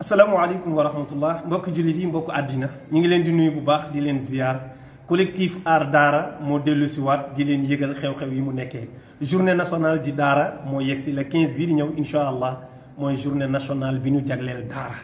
asalaamaaleykum wa rahmatullah mbokk jullit yi mbokk àddina ñu ngi leen di nuyu bu baax di leen ziar collectif aar daara moo dellu si waat di leen yëgal xew-xew yi mu nekkee journée nationale di daara moo yegg si le 15 bii di ñëw incha allah mooy journée nationale bi ñu jagleel daara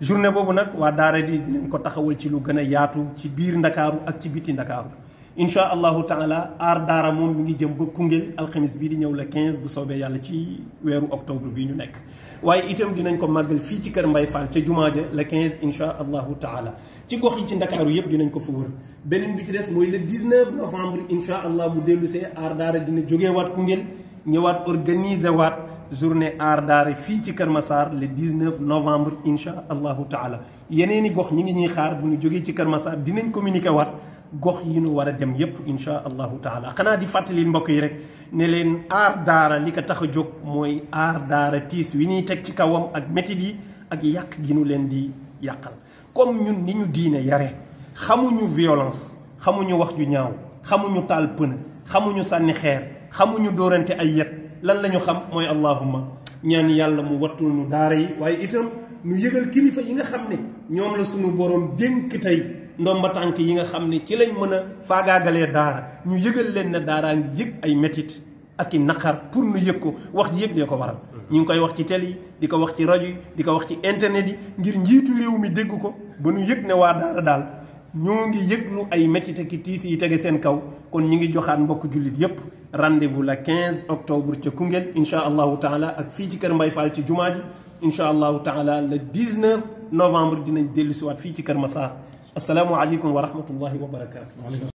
journée boobu nag waa daara di dinañ ko taxawal ci lu gën a yaatu ci biir ndakaaru ak ci biti ndakaaru incha allahu taala aar daara moom mi ngi jëm ba Koungheul alxamis bii di ñëw la 15 bu soobee yàlla ci weeru octobre bii ñu nekk waaye itam dinañ ko màggal fii ci kër Mbay Fall ca jumaa ja la 15 incha allahu taala ci gox yi ci ndakaaru yëpp dinañ ko fa wër beneen bi ci des mooy le 19 novembre incha allah bu dellu see aar daara dina jógeewaat Koungheul ñëwaat organiser waat journée aar daara fii ci Kër Massar le 19 novembre incha allahu taala yeneeni gox ñi ngi ñuy xaar bu ñu jógee ci Kër Massar dinañ communiqué waat gox yi ñu war a dem yépp incha allahu taala xanaa di fàttali mbokk yi rek ne leen aar daara li ko tax a jóg mooy aar daara tiis wi ñuy teg ci kawam ak métit yi ak yàq gi ñu leen di yàqal comme ñun ni ñu diine yare xamuñu violence xamuñu wax ju ñaaw xamuñu taal pëna xamuñu sànni xeer xamuñu dóorante ay yet lan la ñu xam mooy allahumma ñaan yàlla mu wattul nu daara yi waaye itam nu yëgal kilifa yi nga xam ne ñoom la suñu borom dénk tey ndomba tànk yi nga xam ne ci lañ mën a faagaagalee daara ñu yëgal leen ne daaraa ngi yëg ay métit ak i naqar pour nu yëg ko wax ji yëpp ñoo ko waral ñu ngi koy wax ci télé yi di ko wax ci rajo yi di ko wax ci internet yi ngir njiitu réew mi dégg ko ba nu yëg ne waa daara daal ñoo ngi yëg lu ay métit ak i tiis yi tege seen kaw kon ñu ngi joxaat mbokk jullit yëpp rendez-vous le 15 octobre ci Kungel inshallah taala ak fi ci kër Mbaye Fall ci jumaa ji incha taala le 19 novembre dinañ ci wat fi ci kër assalamu alaykum wa rahmatullahi wa barakatuh